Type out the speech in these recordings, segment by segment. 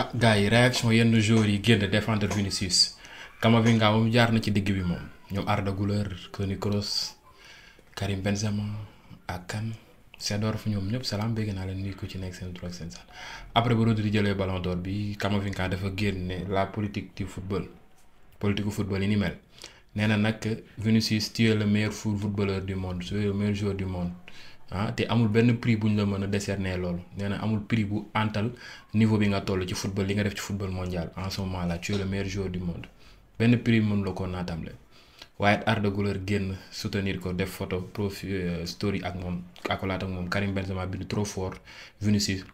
ah gars yi réaction yenn joueurs yi génn défendre Vinicius Camavinga moom jaar na ci digg bi moom ñoom Arda Güler Toni Kroos Karim Benzema ak kan Seedorf ñoom ñëpp salaam bégg naa leen nuyu ko ci nekk seen tur ak seen sant après bu Rodri jëlee ballon d'or bi Camavinga dafa génne la politique du football politique football yi ni mel nee na nag Vinicius le meilleur footballeur du monde tu le meilleur joueur du monde. ah te amul benn prix bu ñu la mën a décerner loolu nee na amul prix bu antal niveau bi nga toll ci football li nga def ci football mondial en ce moment là tu es le meilleur joueur du monde benn prix moom la ko naatamle waaye Arda Güler génn soutenir ko def photo profil euh, story ak moom accolade ak moom Karim Benzema bind trop fort Vinicius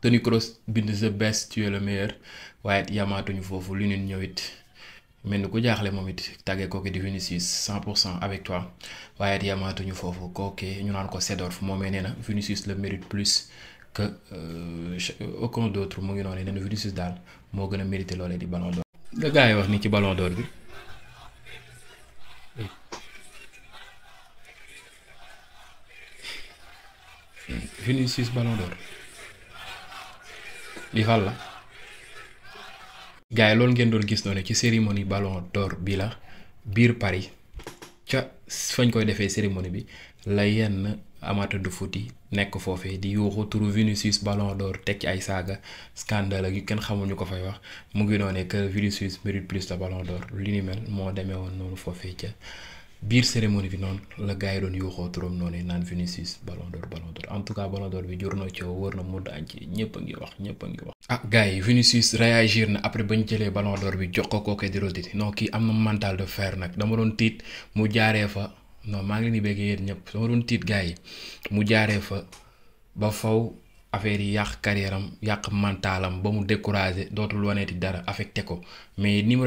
Toni Kroos bind the best tu le meilleur waaye yamaatuñu foofu lu ñun ñëw mel ni ku jaaxle moom it tàggee kooku di Vinicius 100 pour cent avec toi waaye it yamaatuñu foofu kooku ñu naan ko Seedorf moomee nee na Vinicius le mérite plus que euh, euh, aucun d'autre mu ngi noonu nee na Vinicius daal moo gën a mérité loolee di Ballon d'Or. la gars yi wax ni ci Ballon d'Or bi. Vinicius Ballon d'Or li fal la. gars yi loolu ngeen doon gis noonu ci cérémonie ballon d'or bi la biir Paris ca fañ koy defee cérémonie bi la yenn amateur du foot nekk foofee di yuuxu turu Vinicius ballon door teg ci ay saaga scandale gi yu kenn xamul ñu ko fay wax mu ngi noonee que Vinicius mérite plus de ballon door li ni mel moo demee woon noonu foofee ca. biir cérémonie bi noonu la gars yi doon yuuxoo turam noonu naan Vinicius ballon d'or ballon d'or en tout cas ballon d'or bi jur na coow wër na mudd añ ci ñëpp a ngi wax ñëpp a ngi wax. ah gars yi Vinicius réagir na après ba ñu jëlee ballon d'or bi jox ko kooku di Rodri non kii am na mental de fer nag dama doon tiit mu jaaree fa non maa ngi ni di bëgg yéen ñëpp dama doon tiit gars yi mu jaaree fa ba faw affaire yi yàq carrière am yàq mentalam ba mu découragé dootul waneeti dara affecté ko mais ni mu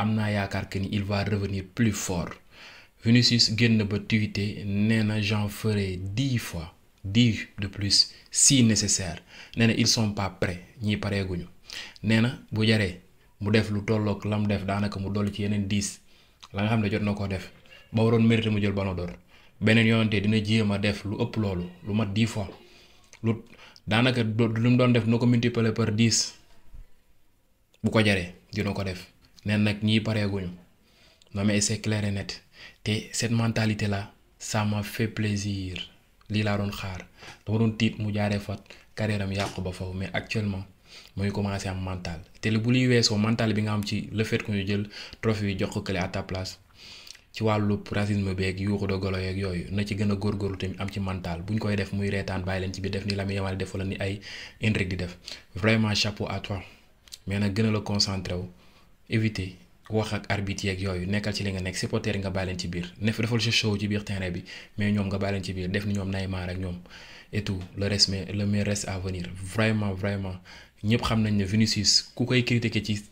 am naa yaakaar que ni il va revenir Vinicius génn ba tuité nee na j'en ferai dix fois dix de plus si nécessaire nee na ils sont pas prêts ñii pareeguñu nee na bu jaree mu def lu tolloog lam def daanaka mu dolli ci yeneen dix la nga xam ne jot na ko def ba waroon mérité mu jël ballon d'or beneen yoonte dina jéem a def lu ëpp loolu lu mat dix fois lu daanaka lu mu doon def na ko multiplier par dix bu ko jaree dina ko def nee nag ñii pareeguñu non mais c'est clair net te cette mentalité la ça m'a fait plaisir lii laa doon xaar dama doon tiit mu jaaree fat carrière am yàqu ba foofu mais actuellement muy commencé am mental te bu luy weesoo mental bi nga am ci le fait que ñu jël trophée bi jox ko kële à ta place ci wàllu racisme beeg yuuxu de golo yeeg yooyu na ci gën a góorgóorlu tamit am ci mental bu ñu koy def muy reetaan bàyyi leen ci biir def ni Lamine Yamal def wala ni ay Endrick di def vraiment chapeau à mais nag gën a la concentré wu éviter. wax ak arbitre yeeg yooyu nekkal ci li nga nekk supporter yi nga bàyyi leen ci biir ne fi defal sa show ci biir terrain bi mais ñoom nga bàyyi leen ci biir def ni ñoom Neymar ak ñoom et tout le reste mais ku koy critiquer ci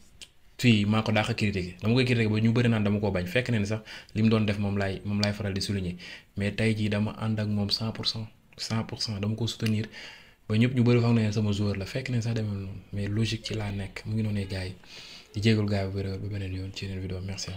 fii maa ko daa ko critiquer dama koy critiquer ba ñu bëri naan dama ko bañ fekk ne sax li mu doon def moom laay moom laay faral di souligner mais tey jii dama ànd ak moom 100 pour cent 100 pour cent dama ko soutenir ba ñëpp ñu bëri foog nañ sama joueur la fekk ne sax demee noonu laa nekk ngi noonu gars di jégalu gars yi bu wér ba beneen yoon ci yeneen vidéo